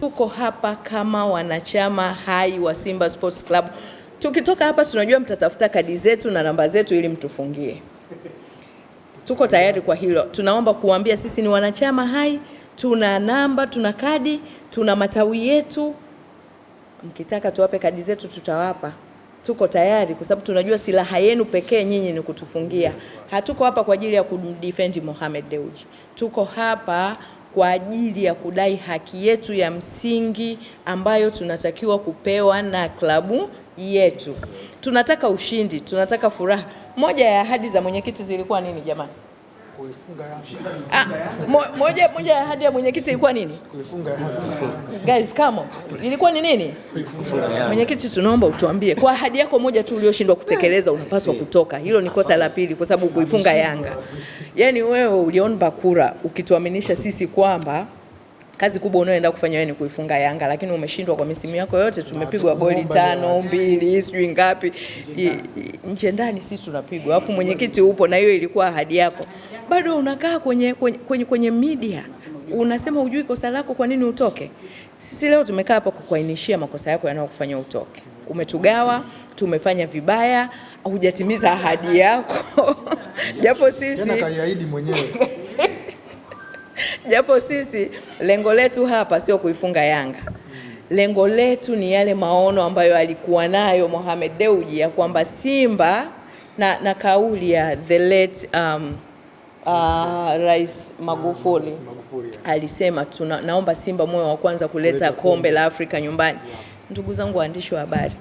Tuko hapa kama wanachama hai wa Simba Sports Club. Tukitoka hapa tunajua mtatafuta kadi zetu na namba zetu ili mtufungie. Tuko tayari kwa hilo. Tunaomba kuambia sisi ni wanachama hai, tuna namba, tuna kadi, tuna matawi yetu. Mkitaka tuwape kadi zetu tutawapa. Tuko tayari kwa sababu tunajua silaha yenu pekee nyinyi ni kutufungia. Hatuko hapa kwa ajili ya kumdefend Mohamed Dewji. Tuko hapa kwa ajili ya kudai haki yetu ya msingi ambayo tunatakiwa kupewa na klabu yetu. Tunataka ushindi, tunataka furaha. Moja ya ahadi za mwenyekiti zilikuwa nini jamani? kuifunga Yanga. Ah, moja moja ya ahadi ya mwenyekiti ilikuwa nini? Kuifunga Yanga. Guys, come on. Ilikuwa ni nini? Kuifunga Mwenyekiti, tunaomba utuambie kwa ahadi yako moja tu uliyoshindwa kutekeleza unapaswa kutoka. Hilo ni kosa la pili kwa sababu kuifunga Yanga. Yaani wewe uliomba kura ukituaminisha sisi kwamba kazi kubwa unayoenda kufanya wewe ni kuifunga Yanga, lakini umeshindwa kwa misimu yako yote. Tumepigwa goli tano mbili, sijui ngapi, nje ndani, sisi tunapigwa, alafu mwenyekiti upo na hiyo ilikuwa ahadi yako, bado unakaa kwenye, kwenye, kwenye, kwenye media unasema ujui kosa lako, kwa nini utoke? Sisi leo tumekaa hapa kukuainishia makosa yako yanayokufanya utoke. Umetugawa, tumefanya vibaya, hujatimiza ahadi yako japo sisi japo sisi lengo letu hapa sio kuifunga Yanga. Lengo letu ni yale maono ambayo alikuwa nayo Mohamed deuji ya kwamba Simba na, na kauli ya the late um, Uh, Rais Magufuli, alisema tuna, naomba Simba moyo wa kwanza kuleta kombe, kombe la Afrika nyumbani yeah. Ndugu zangu waandishi wa habari,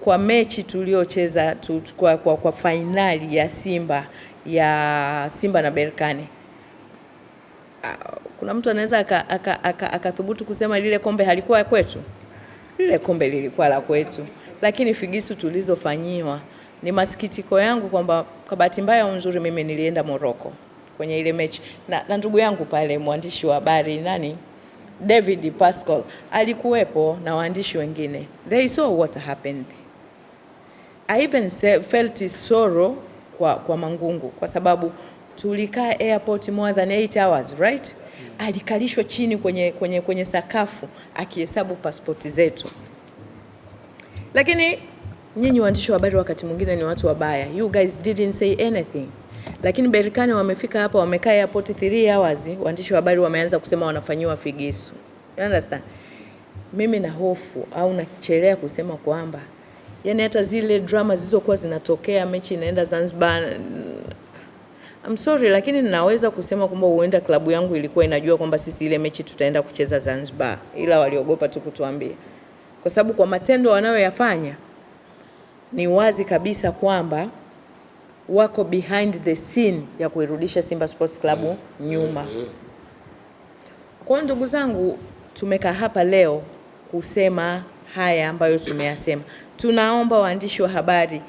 kwa mechi tuliocheza kwa, kwa, kwa fainali ya Simba ya Simba na Berkane Ah, kuna mtu anaweza akathubutu kusema lile kombe halikuwa kwetu? Lile kombe lilikuwa la kwetu, lakini figisu tulizofanyiwa ni masikitiko yangu kwamba kwa bahati mbaya nzuri mimi nilienda Morocco kwenye ile mechi na, na ndugu yangu pale mwandishi wa habari nani David Pascal alikuwepo na waandishi wengine. They saw what happened. I even felt sorrow kwa, kwa Mangungu kwa sababu tulikaa airport more than 8 hours right? Alikalishwa chini kwenye, kwenye, kwenye sakafu akihesabu pasipoti zetu. Lakini nyinyi waandishi wa habari wakati mwingine ni watu wabaya, you guys didn't say anything. Lakini Berkane wamefika hapa, wamekaa airport 3 hours, waandishi wa habari wameanza kusema wanafanyiwa figisu. You understand? Mimi na hofu au nachelea kusema kwamba yani hata zile drama zilizokuwa zinatokea mechi inaenda Zanzibar I'm sorry lakini ninaweza kusema kwamba huenda klabu yangu ilikuwa inajua kwamba sisi ile mechi tutaenda kucheza Zanzibar, ila waliogopa tu kutuambia, kwa sababu kwa matendo wanayoyafanya ni wazi kabisa kwamba wako behind the scene ya kuirudisha Simba Sports Club mm-hmm. nyuma. Mm-hmm. Kwa ndugu zangu, tumekaa hapa leo kusema haya ambayo tumeyasema. Tunaomba waandishi wa habari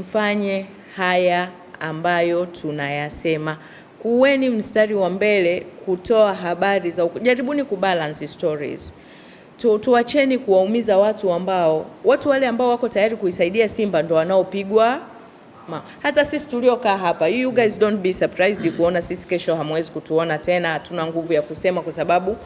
mfanye haya ambayo tunayasema. Kuweni mstari wa mbele kutoa habari za Jaribuni kubalance stories. Tu, tuacheni kuwaumiza watu ambao watu wale ambao wako tayari kuisaidia Simba ndo wanaopigwa Ma. Hata sisi tuliokaa hapa, you guys don't be surprised kuona sisi kesho hamwezi kutuona tena, hatuna nguvu ya kusema kwa sababu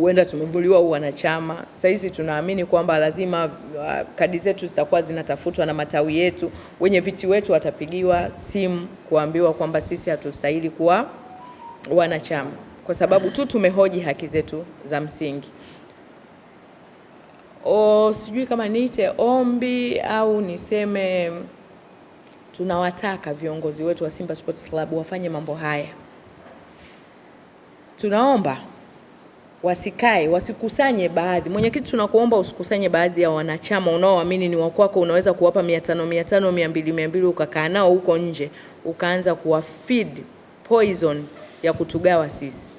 huenda tumevuliwa uwanachama. Sahizi tunaamini kwamba lazima uh, kadi zetu zitakuwa zinatafutwa na matawi yetu, wenye viti wetu watapigiwa simu kuambiwa kwamba sisi hatustahili kuwa wanachama kwa sababu tu tumehoji haki zetu za msingi. O, sijui kama niite ombi au niseme tunawataka viongozi wetu wa Simba Sports Club wafanye mambo haya. Tunaomba wasikae wasikusanye baadhi. Mwenyekiti, tunakuomba usikusanye baadhi ya wanachama unaoamini ni wakwako, unaweza kuwapa mia tano mia tano mia mbili mia mbili ukakaa nao huko nje ukaanza feed poison ya kutugawa sisi.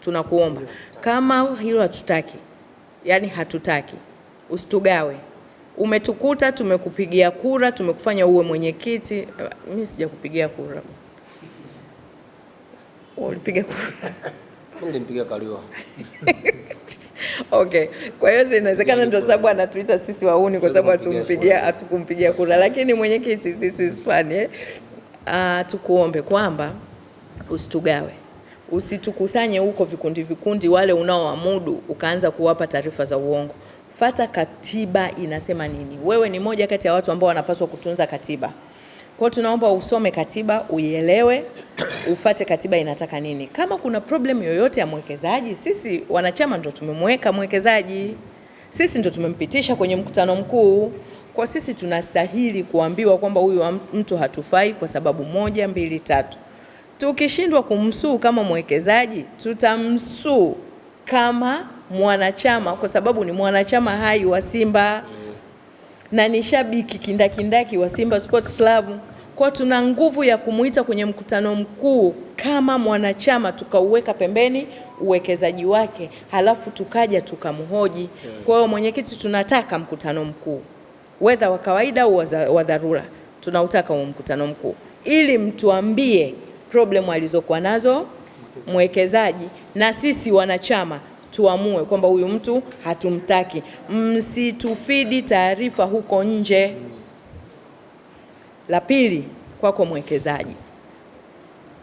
Tunakuomba kama hilo hatutaki, yani hatutaki, usitugawe. Umetukuta, tumekupigia kura, tumekufanya uwe mwenyekiti. Mimi eh, sijakupigia kura, ulipiga kura nilimpigia kaliwa Okay, kwa hiyo inawezekana ndio sababu anatuita sisi wauni kwa sababu atumpigia hatukumpigia kura, lakini mwenyekiti, this is funny. eh? Uh, tukuombe kwamba usitugawe, usitukusanye huko vikundi vikundi, wale unaoamudu ukaanza kuwapa taarifa za uongo. Fata katiba inasema nini? Wewe ni moja kati ya watu ambao wanapaswa kutunza katiba. Kwa tunaomba usome katiba, uielewe, ufate katiba inataka nini. Kama kuna problem yoyote ya mwekezaji, sisi wanachama ndo tumemweka mwekezaji, sisi ndo tumempitisha kwenye mkutano mkuu. Kwa sisi tunastahili kuambiwa kwamba huyu mtu hatufai kwa sababu moja, mbili, tatu. Tukishindwa kumsuu kama mwekezaji, tutamsuu kama mwanachama, kwa sababu ni mwanachama hai wa Simba na ni shabiki kindakindaki wa Simba Sports Club, kwa tuna nguvu ya kumuita kwenye mkutano mkuu kama mwanachama, tukauweka pembeni uwekezaji wake, halafu tukaja tukamhoji. Kwa hiyo mwenyekiti, tunataka mkutano mkuu wedha wa kawaida au wa dharura, tunautaka huo mkutano mkuu ili mtuambie problem alizokuwa nazo mwekezaji na sisi wanachama tuamue kwamba huyu mtu hatumtaki. Msitufidi taarifa huko nje. La pili, kwako mwekezaji,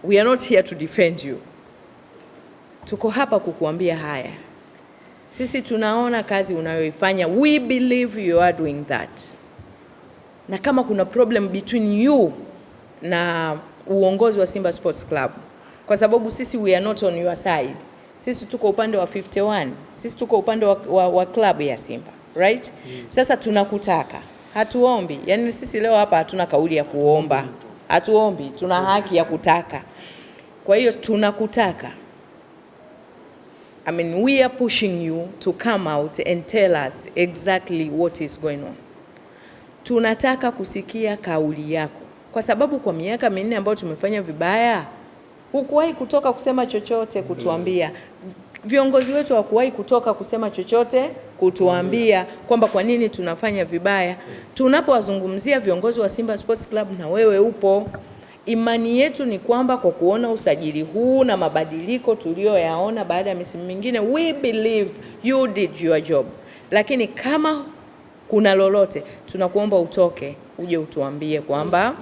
we are not here to defend you, tuko hapa kukuambia haya. Sisi tunaona kazi unayoifanya, we believe you are doing that, na kama kuna problem between you na uongozi wa Simba Sports Club, kwa sababu sisi we are not on your side sisi tuko upande wa 51, sisi tuko upande wa, wa, wa klabu ya Simba right? Mm. Sasa tunakutaka, hatuombi. Yani sisi leo hapa hatuna kauli ya kuomba, hatuombi, tuna mm. haki ya kutaka. Kwa hiyo tunakutaka I mean, we are pushing you to come out and tell us exactly what is going on. Tunataka kusikia kauli yako, kwa sababu kwa miaka minne ambayo tumefanya vibaya hukuwahi kutoka kusema chochote kutuambia viongozi wetu hawakuwahi kutoka kusema chochote kutuambia kwamba kwa nini tunafanya vibaya. Tunapowazungumzia viongozi wa Simba Sports Club, na wewe upo, imani yetu ni kwamba kwa kuona usajili huu na mabadiliko tuliyoyaona baada ya misimu mingine, we believe you did your job, lakini kama kuna lolote tunakuomba utoke uje utuambie kwamba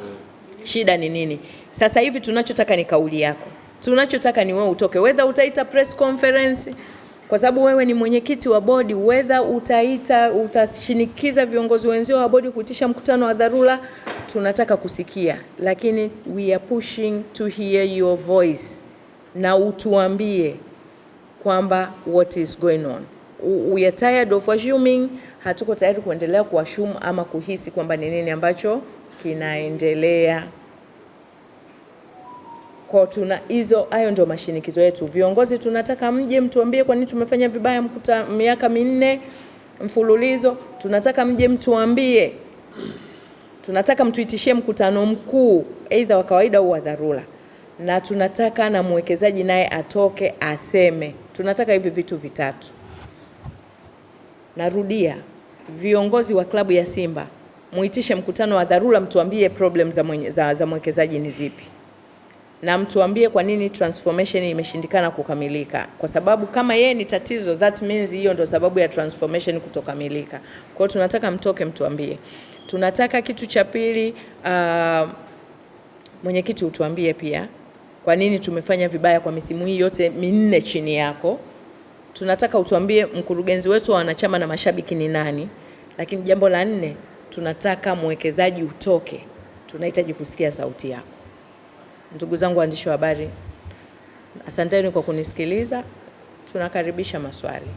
shida ni nini. Sasa hivi tunachotaka ni kauli yako, tunachotaka ni wewe utoke, whether utaita press conference kwa sababu wewe ni mwenyekiti wa bodi, whether utaita utashinikiza viongozi wenzio wa bodi kuitisha mkutano wa dharura, tunataka kusikia, lakini we are pushing to hear your voice, na utuambie kwamba what is going on. We are tired of assuming, hatuko tayari kuendelea kuashumu ama kuhisi kwamba ni nini ambacho kinaendelea. Kwa tuna hizo, hayo ndio mashinikizo yetu. Viongozi tunataka mje mtuambie kwa nini tumefanya vibaya mkuta miaka minne mfululizo. Tunataka mje mtuambie, tunataka mtuitishie mkutano mkuu aidha wa kawaida au wa dharura, na tunataka na mwekezaji naye atoke aseme. Tunataka hivi vitu vitatu. Narudia, viongozi wa klabu ya Simba muitishe mkutano wa dharura, mtuambie problem za mwenye, za, za mwekezaji ni zipi na mtuambie kwa nini transformation imeshindikana kukamilika, kwa sababu kama yeye ni tatizo, that means hiyo ndo sababu ya transformation kutokamilika. Kwa hiyo tunataka mtoke, mtuambie. Tunataka kitu cha pili, uh, mwenyekiti utuambie pia kwa nini tumefanya vibaya kwa misimu hii yote minne chini yako. Tunataka utuambie mkurugenzi wetu wa wanachama na mashabiki ni nani. Lakini jambo la nne, tunataka mwekezaji utoke, tunahitaji kusikia sauti yako. Ndugu zangu waandishi wa habari, asanteni kwa kunisikiliza. Tunakaribisha maswali.